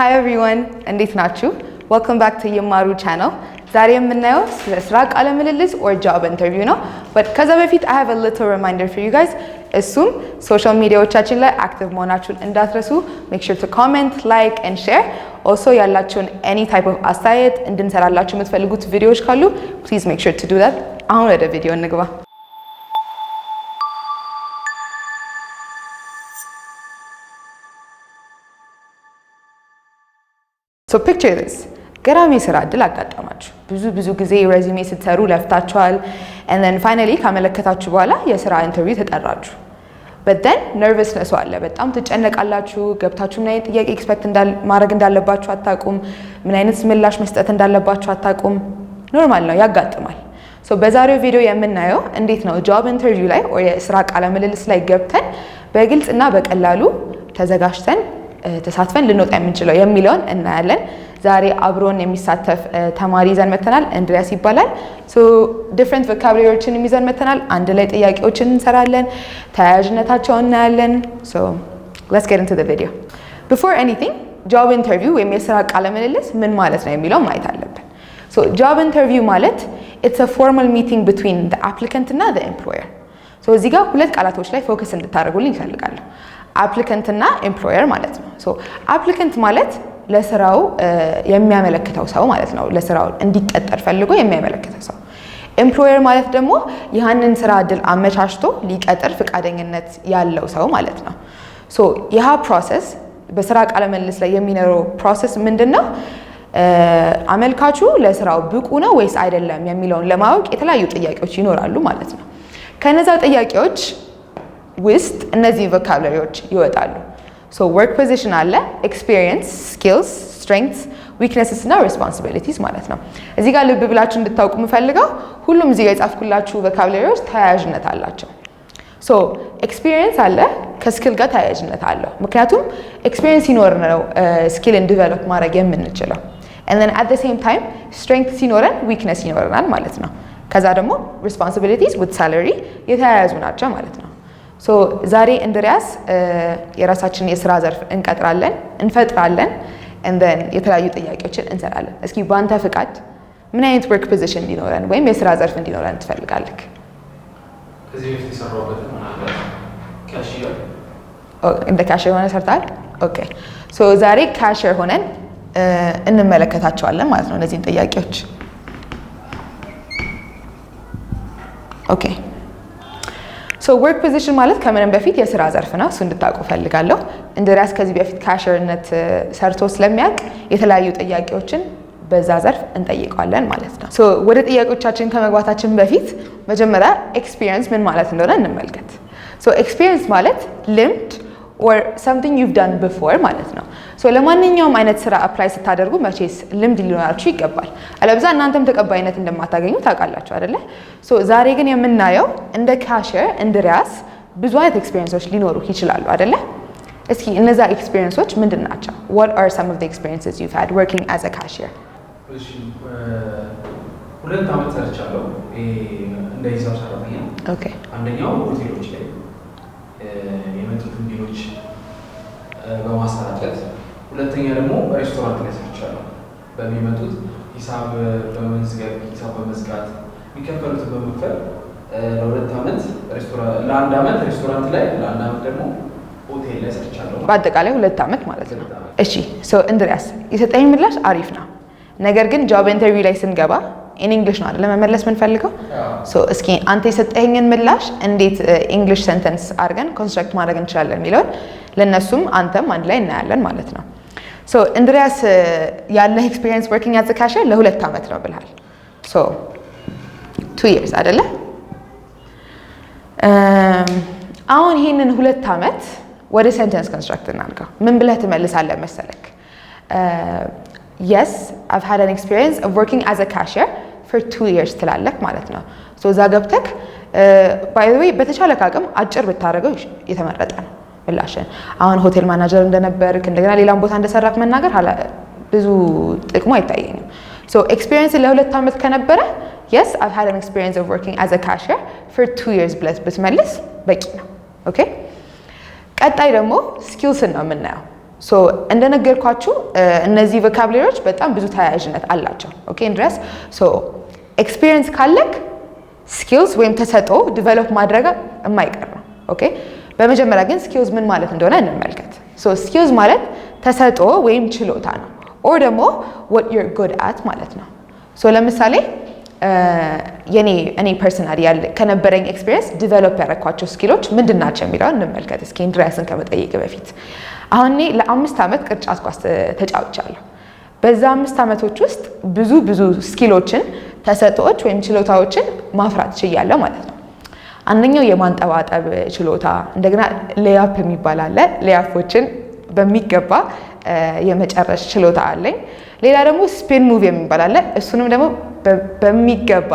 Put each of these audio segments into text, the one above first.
ሃይ ኤቭሪዋን እንዴት ናችሁ? ወልካም ባክ ቱ ይማሩ ቻናል። ዛሬ የምናየው ስለ ስራ ቃለ ምልልስ ኦር ጆብ ኢንተርቪው ነው። በት ከዛ በፊት አይ ሃቭ አ ሊትል ሪማይንደር ፎር ዩ ጋይስ። እሱም ሶሻል ሚዲያዎቻችን ላይ አክቲቭ መሆናችሁን እንዳትረሱ። ሜክ ሹር ቱ ኮሜንት፣ ላይክ ኤንድ ሼር። ኦልሶ ያላችሁን ኤኒ ታይፕ ኦፍ አስተያየት እንድንሰራላችሁ የምትፈልጉት ቪዲዮዎች ካሉ ፕሊዝ ሜክ ሹር ቱ ዱ ዛት። አሁን ወደ ቪዲዮ እንግባ። ሶ ፒክቸር ዚስ ገራሚ ስራ እድል አጋጠማችሁ። ብዙ ብዙ ጊዜ ሬዚሜ ስትሰሩ ለፍታችኋል። ን ፋይናሊ ካመለከታችሁ በኋላ የስራ ኢንተርቪው ተጠራችሁ። በደን ነርቨስነሱ አለ። በጣም ትጨነቃላችሁ። ገብታችሁ ምን አይነት ጥያቄ ኤክስፐክት ማድረግ እንዳለባችሁ አታቁም። ምን አይነት ምላሽ መስጠት እንዳለባችሁ አታቁም። ኖርማል ነው፣ ያጋጥማል። ሶ በዛሬው ቪዲዮ የምናየው እንዴት ነው ጆብ ኢንተርቪው ላይ የስራ ቃለ ምልልስ ላይ ገብተን በግልጽ እና በቀላሉ ተዘጋጅተን ተሳትፈን ልንወጣ የምንችለው የሚለውን እናያለን። ዛሬ አብሮን የሚሳተፍ ተማሪ ይዘን መተናል። እንድሪያስ ይባላል። ዲፍረንት ቮካብላሪዎችን ይዘን መተናል። አንድ ላይ ጥያቄዎችን እንሰራለን፣ ተያያዥነታቸውን እናያለን። ሌትስ ጌት ኢንቱ ዘ ቪዲዮ ቢፎር ኤኒቲንግ ጆብ ኢንተርቪው ወይም የስራ ቃለ ምልልስ ምን ማለት ነው የሚለው ማየት አለብን። ጆብ ኢንተርቪው ማለት ኢትስ አ ፎርማል ሚቲንግ ቢትዊን ዘ አፕሊካንት እና ዘ ኤምፕሎየር። እዚህ ጋር ሁለት ቃላቶች ላይ ፎከስ እንድታደርጉልኝ ይፈልጋለሁ። አፕሊከንት እና ኤምፕሎየር ማለት ነው። ሶ አፕሊከንት ማለት ለስራው የሚያመለክተው ሰው ማለት ነው። ለስራው እንዲቀጠር ፈልጎ የሚያመለክተው ሰው። ኤምፕሎየር ማለት ደግሞ ያንን ስራ እድል አመቻችቶ ሊቀጥር ፍቃደኝነት ያለው ሰው ማለት ነው። ሶ ይህ ፕሮሰስ በስራ ቃለ ላይ የሚኖረው ፕሮሰስ ምንድን ነው? አመልካቹ ለስራው ብቁ ነው ወይስ አይደለም የሚለውን ለማወቅ የተለያዩ ጥያቄዎች ይኖራሉ ማለት ነው። ከነዛ ጥያቄዎች ውስጥ እነዚህ ቮካብለሪዎች ይወጣሉ። ወርክ ፖዚሽን አለ፣ ኤክስፒሪየንስ፣ ስኪልስ፣ ስትሬንግስ፣ ዊክነስስ እና ሬስፖንሲቢሊቲስ ማለት ነው። እዚህ ጋር ልብ ብላችሁ እንድታውቁ የምፈልገው ሁሉም እዚህ ጋር የጻፍኩላችሁ ቮካብለሪዎች ተያያዥነት አላቸው። ሶ ኤክስፒሪየንስ አለ ከስኪል ጋር ተያያዥነት አለው። ምክንያቱም ኤክስፒሪየንስ ሲኖር ነው ስኪልን ዲቨሎፕ ማድረግ የምንችለው። ንን አት ሴም ታይም ስትሬንግት ሲኖረን ዊክነስ ይኖረናል ማለት ነው። ከዛ ደግሞ ሪስፖንሲቢሊቲስ ዊዝ ሳለሪ የተያያዙ ናቸው ማለት ነው። ሶ ዛሬ እንድሪያስ የራሳችንን የስራ ዘርፍ እንቀጥራለን እንፈጥራለን እንደን የተለያዩ ጥያቄዎችን እንሰራለን። እስኪ በአንተ ፍቃድ ምን አይነት ወርክ ፖዚሽን እንዲኖረን ወይም የስራ ዘርፍ እንዲኖረን ትፈልጋለህ? እንደ ካሽር ሆነ ሰርታል። ኦኬ ሶ ዛሬ ካሽር ሆነን እንመለከታቸዋለን ማለት ነው እነዚህን ጥያቄዎች ኦኬ ወርክ ፖዚሽን ማለት ከምንም በፊት የስራ ዘርፍ ነው። እሱ እንድታውቁ ፈልጋለሁ። እንድሪያስ ከዚህ በፊት ካሸርነት ሰርቶ ስለሚያውቅ የተለያዩ ጥያቄዎችን በዛ ዘርፍ እንጠይቀዋለን ማለት ነው። ወደ ጥያቄዎቻችን ከመግባታችን በፊት መጀመሪያ ኤክስፒሪየንስ ምን ማለት እንደሆነ እንመልከት። ኤክስፒሪየንስ ማለት ልምድ ኦር ሰምቲንግ ዩቭ ዳን ቢፎር ማለት ነው። ለማንኛውም አይነት ስራ አፕላይ ስታደርጉ መቼስ ልምድ ሊኖራችሁ ይገባል። አለብዛ እናንተም ተቀባይነት እንደማታገኙ ታውቃላችሁ አይደለ? ዛሬ ግን የምናየው እንደ ካሸር እንድሪያስ ብዙ አይነት ኤክስፔሪንሶች ሊኖሩ ይችላሉ አይደለ? እስኪ እነዛ ኤክስፔሪንሶች ምንድን ናቸው? what are some of the experiences you've had working as a cashier? ሁለት ዓመት ሰርቻለሁ እንደ ሂሳብ ሰራተኛ። አንደኛው ሆቴሎች ላይ የመጡትን ቢሎች በማስተናገድ ሁለተኛ ደግሞ ሬስቶራንት ላይ ሰርቻለሁ። በሚመጡት ሂሳብ በመዝገብ ሂሳብ በመዝጋት የሚከፈሉትን በመክፈል ለሁለት ዓመት ለአንድ ዓመት ሬስቶራንት ላይ ለአንድ ዓመት ደግሞ ሆቴል ላይ ሰርቻለሁ። በአጠቃላይ ሁለት ዓመት ማለት ነው። እሺ እንድሪያስ የሰጠኝ ምላሽ አሪፍ ነው። ነገር ግን ጃብ ኢንተርቪው ላይ ስንገባ ኢን እንግሊሽ ነው አይደል ለመመለስ የምንፈልገው። እስኪ አንተ የሰጠኝን ምላሽ እንዴት እንግሊሽ ሰንተንስ አድርገን ኮንስትራክት ማድረግ እንችላለን የሚለውን ለእነሱም አንተም አንድ ላይ እናያለን ማለት ነው። ሶ እንድሪያስ uh, ያለህ ኤክስፒሪየንስ ወርኪንግ አዝ ካሸር ለሁለት ዓመት ነው ብልሃል። ቱ ይርስ አይደለ? Um, አሁን ይህንን ሁለት ዓመት ወደ ሴንተንስ ኮንስትራክት እናድርገው። ምን ብለህ ትመልሳለህ መሰለክ? የስ አቭ ሃድ አን ኤክስፒሪየንስ ኦፍ ወርኪንግ አዝ ካሸር ፎር ቱ ይርስ ትላለክ ማለት ነው። እዛ ገብተክ ባይ ዘ ዌይ በተቻለክ አቅም አጭር ብታደርገው የተመረጠ ነው። ምላሽን አሁን ሆቴል ማናጀር እንደነበርክ እንደገና ሌላም ቦታ እንደሰራክ መናገር ብዙ ጥቅሙ አይታየኝም። ሶ ኤክስፒሪየንስ ለሁለት ዓመት ከነበረ የስ አይ ሃድ አን ኤክስፒሪየንስ ኦፍ ወርኪንግ አዝ አ ካሽየር ፎር ቱ ይርስ ብትመልስ በቂ ነው። ኦኬ ቀጣይ ደግሞ ስኪልስን ነው የምናየው። ሶ እንደነገርኳችሁ እነዚህ ቮካብሌሪዎች በጣም ብዙ ተያያዥነት አላቸው። ኦኬ ድረስ ሶ ኤክስፒሪየንስ ካለክ ስኪልስ ወይም ተሰጥኦ ዲቨሎፕ ማድረግ የማይቀር ነው። ኦኬ በመጀመሪያ ግን ስኪውዝ ምን ማለት እንደሆነ እንመልከት። ስኪውዝ ማለት ተሰጥኦ ወይም ችሎታ ነው። ኦር ደግሞ ወት ዩር ጉድ አት ማለት ነው። ለምሳሌ የኔ እኔ ፐርሰናል ያለ ከነበረኝ ኤክስፒሪየንስ ዲቨሎፕ ያደረኳቸው ስኪሎች ምንድን ናቸው የሚለው እንመልከት። እስኪ እንድሪያስን ከመጠየቅ በፊት አሁን እኔ ለአምስት ዓመት ቅርጫት ኳስ ተጫውቻለሁ። በዛ አምስት ዓመቶች ውስጥ ብዙ ብዙ ስኪሎችን ተሰጥኦዎች ወይም ችሎታዎችን ማፍራት ችያለሁ ማለት ነው። አንደኛው የማንጠባጠብ ችሎታ፣ እንደገና ሌያፕ የሚባል አለ። ሌያፖችን በሚገባ የመጨረስ ችሎታ አለኝ። ሌላ ደግሞ ስፔን ሙቭ የሚባል አለ። እሱንም ደግሞ በሚገባ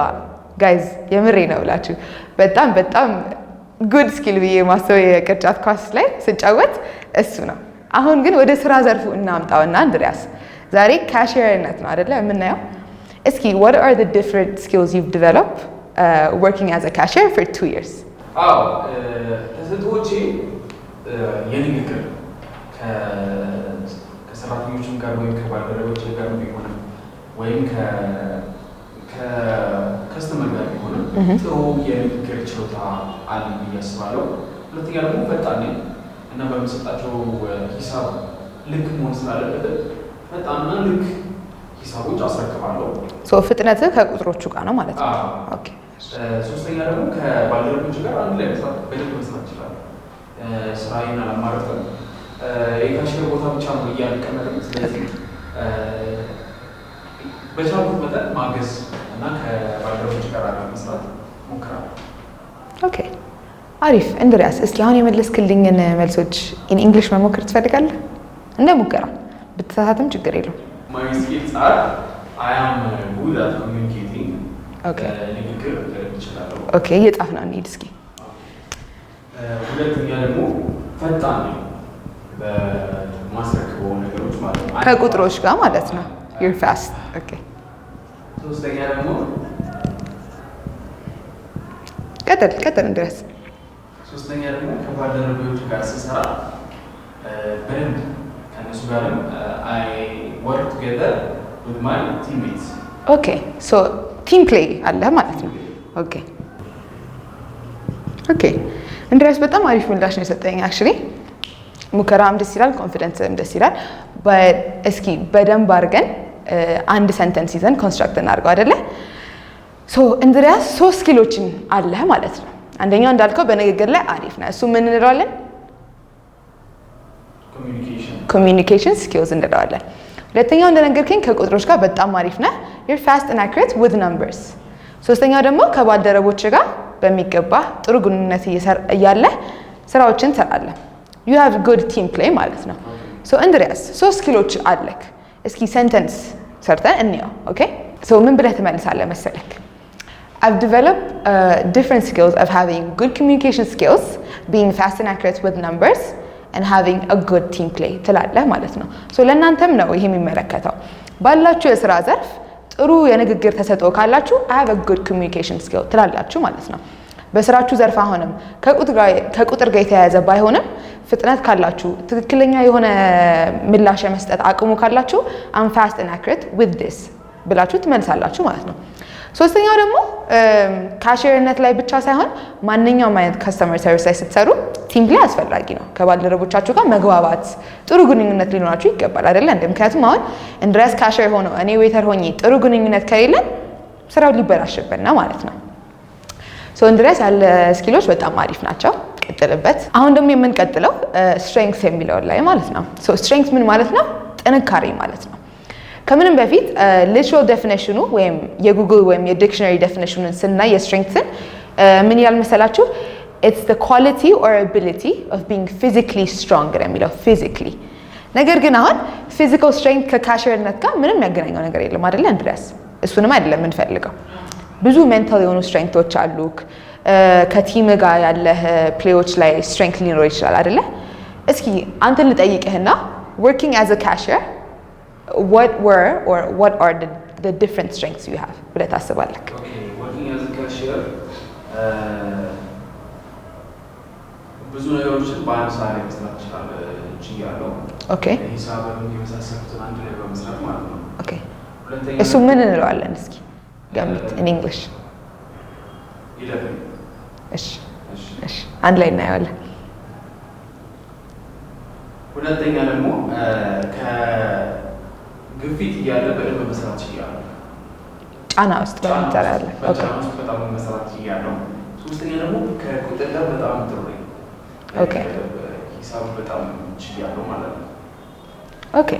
ጋይዝ፣ የምሬ ነው ብላችሁ በጣም በጣም ጉድ ስኪል ብዬ ማሰብ የቅርጫት ኳስ ላይ ስጫወት እሱ ነው። አሁን ግን ወደ ስራ ዘርፉ እናምጣውና እንድሪያስ ዛሬ ካሽየርነት ነው አደለ የምናየው። እስኪ what are the different skills you've developed ወርኪንግ አዝ ካሽየር ፎር ቱ ይርስ። አዎ ተሰጥኦቼ uh, uh, የንግግር ከሰራተኞችም ጋር ወይም ከባልደረቦች ጋር ቢሆንም ወይም ከከስተመር ጋር ቢሆንም ጥሩ የንግግር ችሎታ አለ ብዬ አስባለሁ። ሁለተኛ ደግሞ ፈጣን እና በምሰጣቸው uh, ሂሳብ ልክ መሆን ስላለበት ፈጣንና ልክ ሂሳቦች አስረክባለሁ። ፍጥነትህ ከቁጥሮቹ ጋር ነው ማለት ነው። ሶስተኛ ደግሞ ከባልደረቦች ጋር አንድ ላይ መስራት በደንብ መስራት ይችላል። ስራዬን አላማረጥም። የካሽር ቦታ ብቻ ነው እያቀመጥም። ስለዚህ በቻልኩት መጠን ማገዝ እና ከባልደረቦች ጋር አንድ መስራት ሞክራለሁ። ኦኬ አሪፍ። እንድሪያስ እስኪ አሁን የመለስክልኝን መልሶች ኢንግሊሽ መሞክር ትፈልጋለህ? እንደ ሙከራ ብትሳሳትም ችግር የለውም። ማይ ስኪልስ አር አይ አም ኦኬ እየጻፍን እንሂድ እስኪ። ሁለተኛ ደግሞ ፈጣን ነው በማስረክበው ነገሮች ማለት ነው፣ ከቁጥሮች ጋር ማለት ነው። ዩር ፋስት። ኦኬ ሶስተኛ ደግሞ ቀጥል ቀጥል ድረስ። ሶስተኛ ደግሞ ከባልደረቦች ጋር ስሰራ በደንብ ከእነሱ ጋርም አይ ወርክ ቱጌዘር ዊዝ ማይ ቲምሜትስ ኦኬ ሶ ቲም ፕሌይ አለ ማለት ነው። ኦኬ ኦኬ። እንድሪያስ በጣም አሪፍ ምላሽ ነው የሰጠኝ። አክቹሊ ሙከራም ደስ ይላል፣ ኮንፊደንስም ደስ ይላል። እስኪ በደንብ አድርገን አንድ ሰንተንስ ይዘን ኮንስትራክት እናድርገው አይደለ? ሶ እንድሪያስ ሶስት ስኪሎችን አለህ ማለት ነው። አንደኛው እንዳልከው በንግግር ላይ አሪፍ ነው። እሱ ምን እንለዋለን? ኮሚኒኬሽን ስኪልስ እንለዋለን። ሁለተኛው እንደነገርከኝ ከቁጥሮች ጋር በጣም አሪፍ ነህ። you're fast and accurate with numbers። ሶስተኛው ደግሞ ከባልደረቦች ጋር በሚገባ ጥሩ ግንኙነት እያለ ስራዎችን ትሰራለህ። ዩ ሃቭ ጉድ ቲም ፕሌይ ማለት ነው። ሶ እንድሪያስ ሶስት ስኪሎች አለክ። እስኪ ሰንተንስ ሰርተን እንየው። ኦኬ ሶ ምን ብለህ ትመልሳለህ መሰለክ? I've developed uh, different skills of having good communication skills, being fast and accurate with numbers, and having a good team play ትላለህ ማለት ነው። ሶ ለእናንተም ነው ይሄ የሚመለከተው ባላችሁ የስራ ዘርፍ ጥሩ የንግግር ተሰጥኦ ካላችሁ አይ ሃቭ ጉድ ኮሚኒኬሽን ስኪል ትላላችሁ ማለት ነው። በስራችሁ ዘርፍ አሁንም ከቁጥር ጋር የተያያዘ ባይሆንም ፍጥነት ካላችሁ፣ ትክክለኛ የሆነ ምላሽ የመስጠት አቅሙ ካላችሁ አም ፋስት ኤንድ አክሬት ዊዝ ዲስ ብላችሁ ትመልሳላችሁ ማለት ነው። ሶስተኛው ደግሞ ካሽርነት ላይ ብቻ ሳይሆን ማንኛውም አይነት ከስተመር ሰርቪስ ላይ ስትሰሩ ቲም ፕሌይ አስፈላጊ ነው። ከባልደረቦቻችሁ ጋር መግባባት፣ ጥሩ ግንኙነት ሊኖራችሁ ይገባል አይደለ እንደ ምክንያቱም አሁን እንድሪያስ ካሽር ሆኖ እኔ ዌተር ሆኜ ጥሩ ግንኙነት ከሌለን ስራው ሊበላሽብን ነው ማለት ነው። እንድሪያስ ያለ ስኪሎች በጣም አሪፍ ናቸው። ቀጥልበት። አሁን ደግሞ የምንቀጥለው ስትሬንግስ የሚለውን ላይ ማለት ነው። ስትሬንግስ ምን ማለት ነው? ጥንካሬ ማለት ነው። ከምንም በፊት ሊትራል uh, ዴፊኔሽኑ ወይም የጉግል ወይም የዲክሽነሪ ዴፊኔሽኑን ስናይ የስትሬንግትን uh, ምን ይላል መሰላችሁ? ኢትስ ዘ ኳሊቲ ኦር አቢሊቲ ኦፍ ቢንግ ፊዚካሊ ስትሮንግ ነው የሚለው ፊዚካሊ። ነገር ግን አሁን ፊዚካል ስትሬንግት ከካሸርነት ጋር ምንም ያገናኘው ነገር የለም አይደለ እንድሪያስ? እሱንም አይደለም የምንፈልገው። ብዙ ሜንታል የሆኑ ስትሬንግቶች አሉ uh, ከቲም ጋር ያለህ ፕሌዎች ላይ ስትሬንግት ሊኖር ይችላል አይደለ? እስኪ አንተን ልጠይቅህና ወርኪንግ አዝ ካሽር ካሸር what were or what are the, the different strengths you have بدأت أحسبها لك okay working as a cashier ብዙ ነገሮችን በአንድ ሰዓት መስራት ይችላል ችያለሁ ኦኬ ሂሳብ የመሳሰሉትን አንድ ላይ በመስራት ማለት ነው ኦኬ እሱ ምን እንለዋለን እስኪ ገምት ኢን እንግሊሽ እሺ እሺ አንድ ላይ እናየዋለን ሁለተኛ ደግሞ ግፊት እያለ በደንብ መስራት እያለ ጫና ውስጥ በመፍጠር ያለ በጫና ውስጥ በጣም መስራት እያለው። ሶስተኛ ደግሞ ከቁጥር ጋር በጣም ጥሩ ሂሳብ በጣም ችያለው ማለት ነው። ኦኬ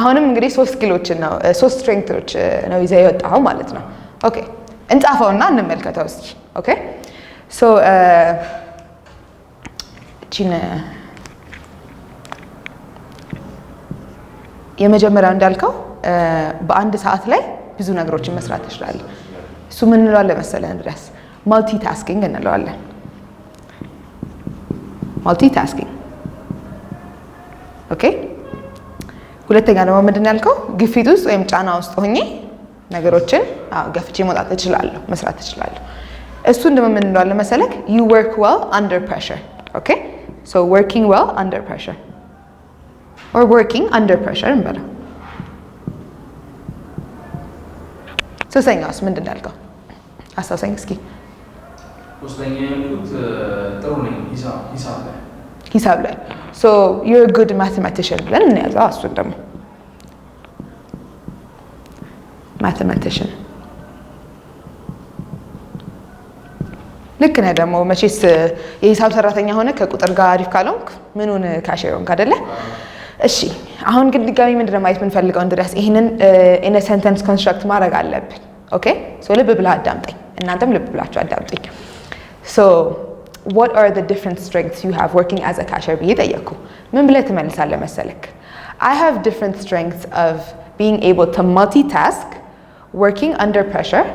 አሁንም እንግዲህ ሶስት ስኪሎችን ነው ሶስት ስትሬንግቶች ነው ይዘህ የወጣው ማለት ነው። ኦኬ እንጻፈውና እንመልከተው እስኪ ኦኬ ሶ እቺን የመጀመሪያው እንዳልከው በአንድ ሰዓት ላይ ብዙ ነገሮችን መስራት ትችላለህ። እሱ ምን እንለዋለን መሰለህ እንድረስ ማልቲታስኪንግ እንለዋለን። ማልቲታስኪንግ ኦኬ። ሁለተኛ ደግሞ ምንድን ያልከው ግፊት ውስጥ ወይም ጫና ውስጥ ሆኜ ነገሮችን ገፍቼ መውጣት እችላለሁ፣ መስራት እችላለሁ። እሱ ደግሞ ምን እንለዋለን መሰለህ ዩ ወርክ ዌል አንደር ፕሬሸር ኦኬ ሶ ወርኪንግ ዌል አንደር ፕሬሸር ኦር ወርኪንግ አንደር ፕሬሸር እንበለው። ሶስተኛውስ ምንድን እንዳልከው አስታውሰኝ እስኪ። ሶስተኛ ያልኩት ጥሩ ነኝ ሂሳብ ላይ ሶ ዩር ጉድ ማቴማቲሽን ብለን እንያዘው። እሱን ደግሞ ማቴማቲሽን ልክ ነህ። ደግሞ መቼስ የሂሳብ ሰራተኛ ሆነ ከቁጥር ጋር አሪፍ ካልሆንክ ምኑን ካሽ ሆንክ አይደለ? እሺ አሁን ግን ድጋሚ ምንድነው ማየት የምንፈልገው? እንድሪያስ ይህንን ኢነ ሰንተንስ ኮንስትራክት ማድረግ አለብን። ኦኬ ሶ ልብ ብላ አዳምጠኝ፣ እናንተም ልብ ብላችሁ አዳምጠኝ። ሶ ዋት are ዘ ዲፍረንት strengths ዩ ሃቭ ወርኪንግ አዝ a ብዬ ጠየቅኩ። ምን ብለህ ትመልሳለህ መሰለክ? ሃቭ ዲፍረንት different ኦፍ ቢንግ ኤብል able ማልቲ ታስክ ወርኪንግ አንደር pressure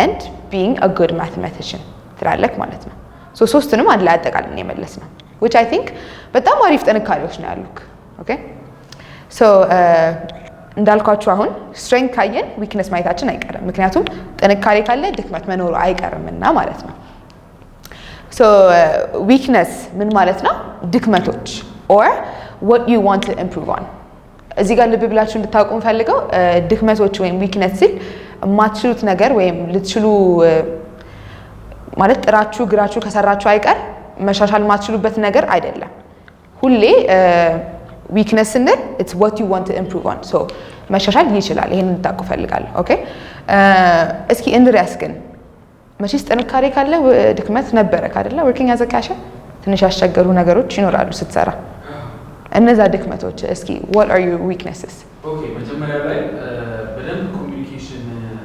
ኤንድ ቢንግ አ ጉድ ማትማቲሽን ትላለክ ማለት ነው። ሶስቱንም አንድ ላይ አጠቃልን የመለስ ነው። ዊች አይ ቲንክ በጣም አሪፍ ጥንካሬዎች ነው ያሉክ ኦኬ ሶ እንዳልኳችሁ አሁን ስትሬንግ ካየን ዊክነስ ማየታችን አይቀርም። ምክንያቱም ጥንካሬ ካለ ድክመት መኖሩ አይቀርምና ማለት ነው። ሶ ዊክነስ ምን ማለት ነው? ድክመቶች ኦር what you want to improve on እዚህ ጋር ልብ ብላችሁ እንድታውቁ የምፈልገው ድክመቶች ወይም ዊክነስ ሲል የማትችሉት ነገር ወይም ልትችሉ ማለት ጥራችሁ ግራችሁ ከሰራችሁ አይቀር መሻሻል የማትችሉበት ነገር አይደለም ሁሌ ዊክነስ ስንል ኢትስ ዋት ዩ ዋንት ቱ ኢምፕሩቭ ኦን ሶ መሻሻል ይችላል። ይሄን እንድታውቁ እፈልጋለሁ። ኦኬ uh, እስኪ እንድሪያስ ግን መቼስ ጥንካሬ ካለ ድክመት ነበረ ካደለ ወርኪንግ አዘ ካሸር ትንሽ ያስቸገሩ ነገሮች ይኖራሉ ስትሰራ። እነዛ ድክመቶች እስኪ what are your weaknesses? ኦኬ መጀመሪያ ላይ uh, በደንብ ኮሚኒኬሽን uh,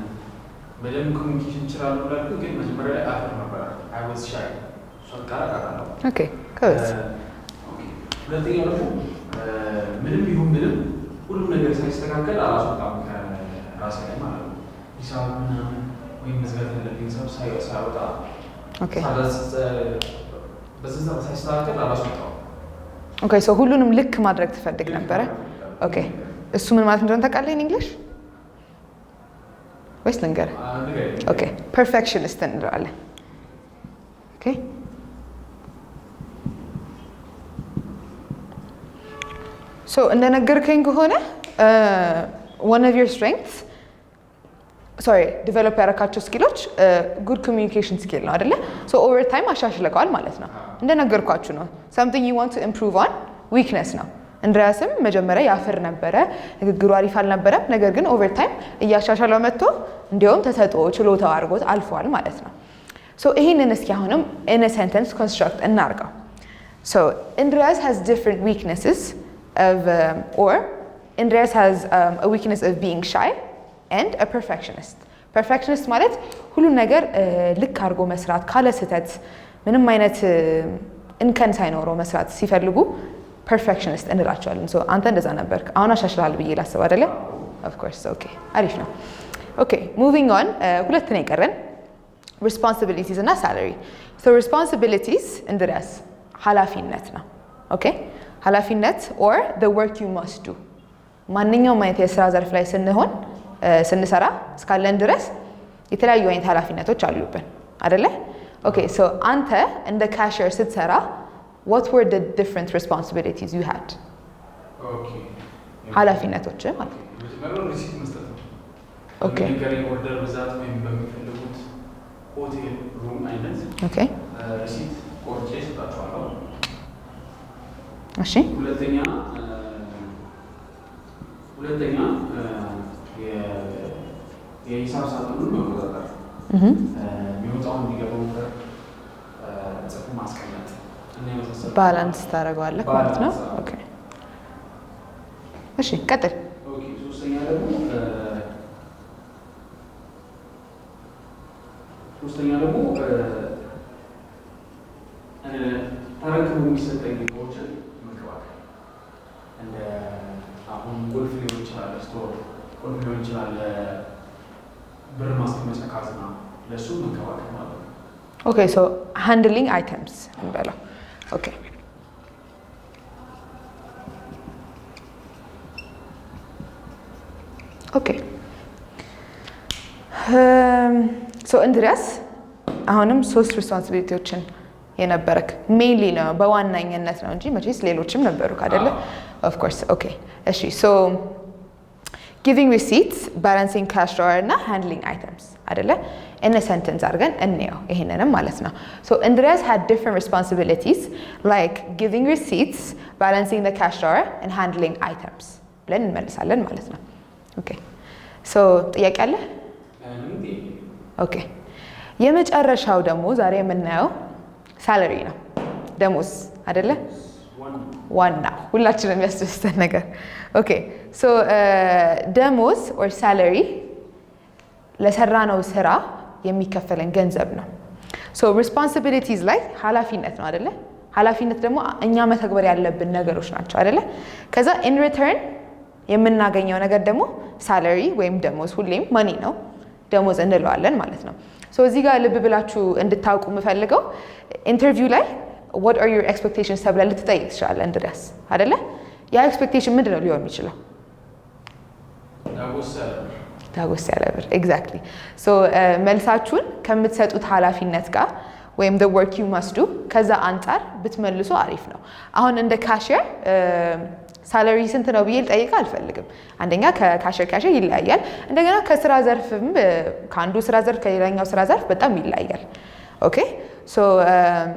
በደንብ ኮሚኒኬሽን እችላለሁ ላልኩ ግን መጀመሪያ ላይ አፈር ነበር። አይ ዋዝ ሻይ ኦኬ ደግሞ ምንም ይሁን ምንም ሁሉም ነገር ሳይስተካከል አራሱ በጣም ከራሴ ላይ ማለት ነው ሂሳብ ምናምን ወይም መዝጋት ያለብኝ ሂሳብ ሳይወጣ በዛ ሳይስተካከል አራሱ ኦኬ ሰው ሁሉንም ልክ ማድረግ ትፈልግ ነበረ። ኦኬ እሱ ምን ማለት እንደሆነ ታውቃለህ? እንግሊሽ ወይስ ልንገርህ? ፐርፌክሽኒስት እንለዋለን። ኦኬ ሶ እንደነገርከኝ ከሆነ ዋን ኦፍ ዮር ስትሬንግት ሶሪ ዲቨሎፕ ያደረካቸው ስኪሎች ጉድ ኮሚኒኬሽን ስኪል ነው አይደለ? ሶ ኦቨር ታይም አሻሽለቀዋል ማለት ነው። እንደነገርኳችሁ ነው። ሰምቲንግ ዩ ዋንት ቱ ኢምፕሩቭ ኦን ዊክነስ ነው። እንድሪያስም መጀመሪያ ያፍር ነበረ፣ ንግግሩ አሪፍ አልነበረም። ነገር ግን ኦቨር ታይም እያሻሻለው መጥቶ እንዲያውም ተሰጥኦ ችሎታው አድርጎት አልፏል ማለት ነው። ሶ ይህንን እስኪ አሁንም ኢን አ ኮንስትራክት እናርገው። ሶ እንድሪያስ ሃዝ ዲፍረንት ዊክነስስ of, um, or Andreas has um, a weakness of being shy and a perfectionist perfectionist ማለት ሁሉን ነገር uh, ልክ አድርጎ መስራት ካለ ስህተት ምንም አይነት uh, እንከን ሳይኖረው መስራት ሲፈልጉ ፐርፌክሽኒስት እንላቸዋለን። አንተ እንደዛ ነበር አሁን አሻሽላል ብዬ ላስብ አደለ? ኦፍኮርስ ኦኬ፣ አሪፍ ነው። ኦኬ ሙቪንግ ኦን፣ ሁለት ነው የቀረን ሪስፖንሲቢሊቲስ እና ሳላሪ። ሪስፖንሲቢሊቲስ እንድሪያስ ኃላፊነት ነው። ኦኬ ኃላፊነት ኦር the work you must do ማንኛውም አይነት የስራ ዘርፍ ላይ ስንሆን ስንሰራ እስካለን ድረስ የተለያዩ አይነት ኃላፊነቶች አሉብን አደለ? ኦኬ ሶ አንተ እንደ ካሽር ስትሰራ ወት ወር the different responsibilities you had? ኃላፊነቶች ማለት ነው። ሆቴል ሩም አይነት ሪሲት ቆርጬ እሺ ሁለተኛ ሁለተኛ የሂሳብ ሳጥኑን መቆጣጠር፣ የሚወጣውን የሚገባው ነገር ማስቀመጥ ባላንስ ታደርገዋለህ ማለት ነው። ኦኬ እሺ፣ ቀጥል። ሶስተኛ ደግሞ ሶስተኛ ደግሞ መንከባከብ ማለት ነው። ኦኬ ሶ ሃንድሊንግ አይተምስ እንበለው። ኦኬ ኦኬ ሶ እንድሪያስ አሁንም ሶስት ሪስፖንሲቢሊቲዎችን የነበረክ ሜይንሊ ነው በዋናኝነት ነው እንጂ መቼስ ሌሎችም ነበሩ አይደለ? ኦፍኮርስ ኦኬ እሺ ሶ ጊቪንግ ሪሲትስ ባላንሲንግ ካሽ ሮወር እና ሃንድሊንግ አይተምስ አደለ እነ ሰንተንስ አድርገን እንየው ይሄንንም ማለት ነው ሶ እንድሪያስ ሃድ ዲፍረንት ሪስፖንሲቢሊቲስ ላይክ ጊቪንግ ሪሲትስ ባላንሲንግ ዘ ካሽ ሮወር እና ሃንድሊንግ አይተምስ ብለን እንመልሳለን ማለት ነው ኦኬ ሶ ጥያቄ አለ ኦኬ የመጨረሻው ደግሞ ዛሬ የምናየው ሳለሪ ነው ደሞዝ አደለ ዋና ሁላችንም የሚያስደስተን ነገር ኦኬ ሶ ደሞዝ ኦር ሳለሪ ለሰራነው ስራ የሚከፈለን ገንዘብ ነው። ሶ ሪስፖንሲቢሊቲዝ ላይ ኃላፊነት ነው አደለ? ኃላፊነት ደግሞ እኛ መተግበር ያለብን ነገሮች ናቸው አደለ? ከዛ ኢን ሪተርን የምናገኘው ነገር ደግሞ ሳለሪ ወይም ደሞዝ ሁሌም መኒ ነው፣ ደሞዝ እንለዋለን ማለት ነው። ሶ እዚህ ጋር ልብ ብላችሁ እንድታውቁ የምፈልገው ኢንተርቪው ላይ ዋት አር ዩር ኤክስፔክቴሽንስ ተብለን ልትጠይቅ ትችላለህ። እንድሪያስ አደለ? ያ ኤክስፔክቴሽን ምንድን ነው ሊሆን የሚችለው? ዳጎስ ያለ ብር። ኤግዛክትሊ ሶ uh, መልሳችሁን ከምትሰጡት ኃላፊነት ጋር ወይም ደ ወርክ ዩ ዱ ከዛ አንጻር ብትመልሱ አሪፍ ነው። አሁን እንደ ካሽየር ሳላሪ um, ስንት ነው ብዬ ልጠይቅ አልፈልግም። አንደኛ ከካሽየር ካሽየር ይለያያል። እንደገና ከስራ ዘርፍም ከአንዱ ስራ ዘርፍ ከሌላኛው ስራ ዘርፍ በጣም ይለያያል። ኦኬ ሶ um,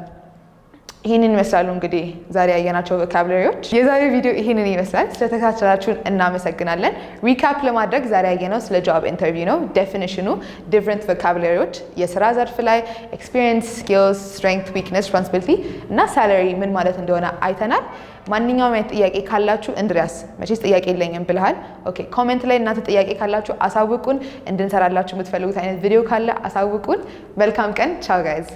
ይህንን ይመስላሉ እንግዲህ ዛሬ ያየናቸው ቮካብላሪዎች። የዛሬ ቪዲዮ ይህንን ይመስላል። ስለተከታተላችሁን እናመሰግናለን። ሪካፕ ለማድረግ ዛሬ ያየነው ስለ ጆብ ኢንተርቪው ነው። ዴፊኒሽኑ ዲፍረንት ቮካብላሪዎች የስራ ዘርፍ ላይ ኤክስፒሪየንስ፣ ስኪልስ፣ ስትሬንግት፣ ዊክነስ፣ ሪስፖንሲቢሊቲ እና ሳላሪ ምን ማለት እንደሆነ አይተናል። ማንኛውም አይነት ጥያቄ ካላችሁ እንድሪያስ መቼስ ጥያቄ የለኝም ብልሃል። ኦኬ ኮሜንት ላይ እናንተ ጥያቄ ካላችሁ አሳውቁን። እንድንሰራላችሁ የምትፈልጉት አይነት ቪዲዮ ካለ አሳውቁን። መልካም ቀን። ቻው ጋይዝ